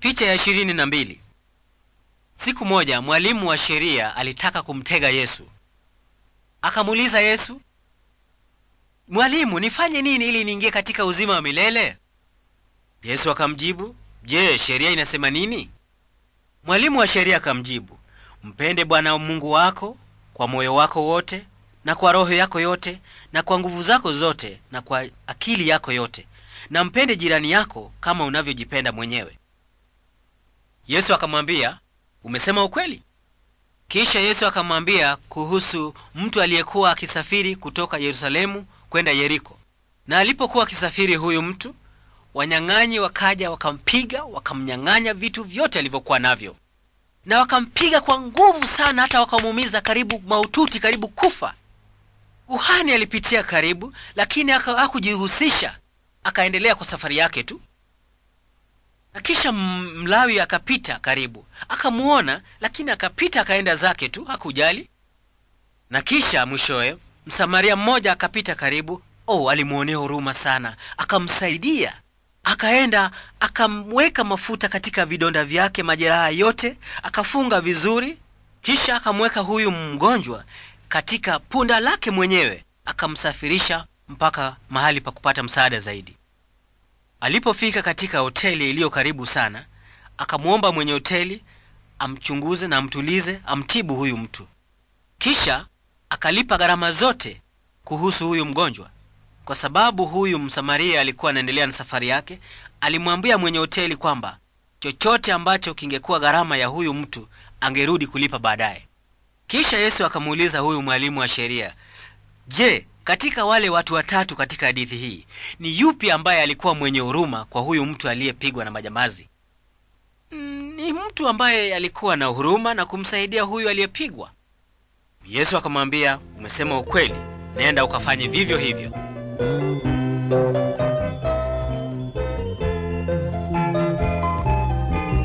Picha ya ishirini na mbili. Siku moja mwalimu wa sheria alitaka kumtega Yesu. Akamuuliza Yesu, Mwalimu, nifanye nini ili niingie katika uzima wa milele? Yesu akamjibu, Je, sheria inasema nini? Mwalimu wa sheria akamjibu, Mpende Bwana Mungu wako kwa moyo wako wote na kwa roho yako yote na kwa nguvu zako zote na kwa akili yako yote na mpende jirani yako kama unavyojipenda mwenyewe. Yesu akamwambia, umesema ukweli. Kisha Yesu akamwambia kuhusu mtu aliyekuwa akisafiri kutoka Yerusalemu kwenda Yeriko. Na alipokuwa akisafiri huyu mtu, wanyang'anyi wakaja wakampiga, wakamnyang'anya vitu vyote alivyokuwa navyo, na wakampiga kwa nguvu sana, hata wakamuumiza karibu maututi, karibu kufa. Kuhani alipitia karibu, lakini hakujihusisha, akaendelea kwa safari yake tu. Kisha Mlawi akapita karibu, akamwona, lakini akapita akaenda zake tu, hakujali. Na kisha mwishowe Msamaria mmoja akapita karibu, oh, alimwonea huruma sana, akamsaidia, akaenda akamweka mafuta katika vidonda vyake, majeraha yote, akafunga vizuri, kisha akamweka huyu mgonjwa katika punda lake mwenyewe, akamsafirisha mpaka mahali pa kupata msaada zaidi. Alipofika katika hoteli iliyo karibu sana, akamwomba mwenye hoteli amchunguze na amtulize, amtibu huyu mtu. Kisha akalipa gharama zote kuhusu huyu mgonjwa. Kwa sababu huyu Msamaria alikuwa anaendelea na safari yake, alimwambia mwenye hoteli kwamba chochote ambacho kingekuwa gharama ya huyu mtu angerudi kulipa baadaye. Kisha Yesu akamuuliza huyu mwalimu wa sheria, je, katika wale watu watatu katika hadithi hii, ni yupi ambaye alikuwa mwenye huruma kwa huyu mtu aliyepigwa na majambazi? ni mtu ambaye alikuwa na huruma na kumsaidia huyu aliyepigwa. Yesu akamwambia, umesema ukweli, nenda ukafanye vivyo hivyo.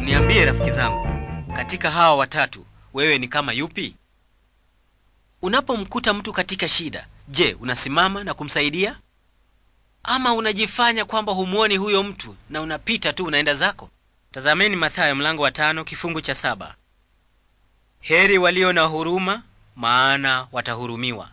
Niambie rafiki zangu, katika hawa watatu wewe ni kama yupi? Unapomkuta mtu katika shida Je, unasimama na kumsaidia ama unajifanya kwamba humuoni huyo mtu na unapita tu unaenda zako? Tazameni Mathayo mlango wa tano kifungu cha saba. Heri walio na huruma, maana watahurumiwa.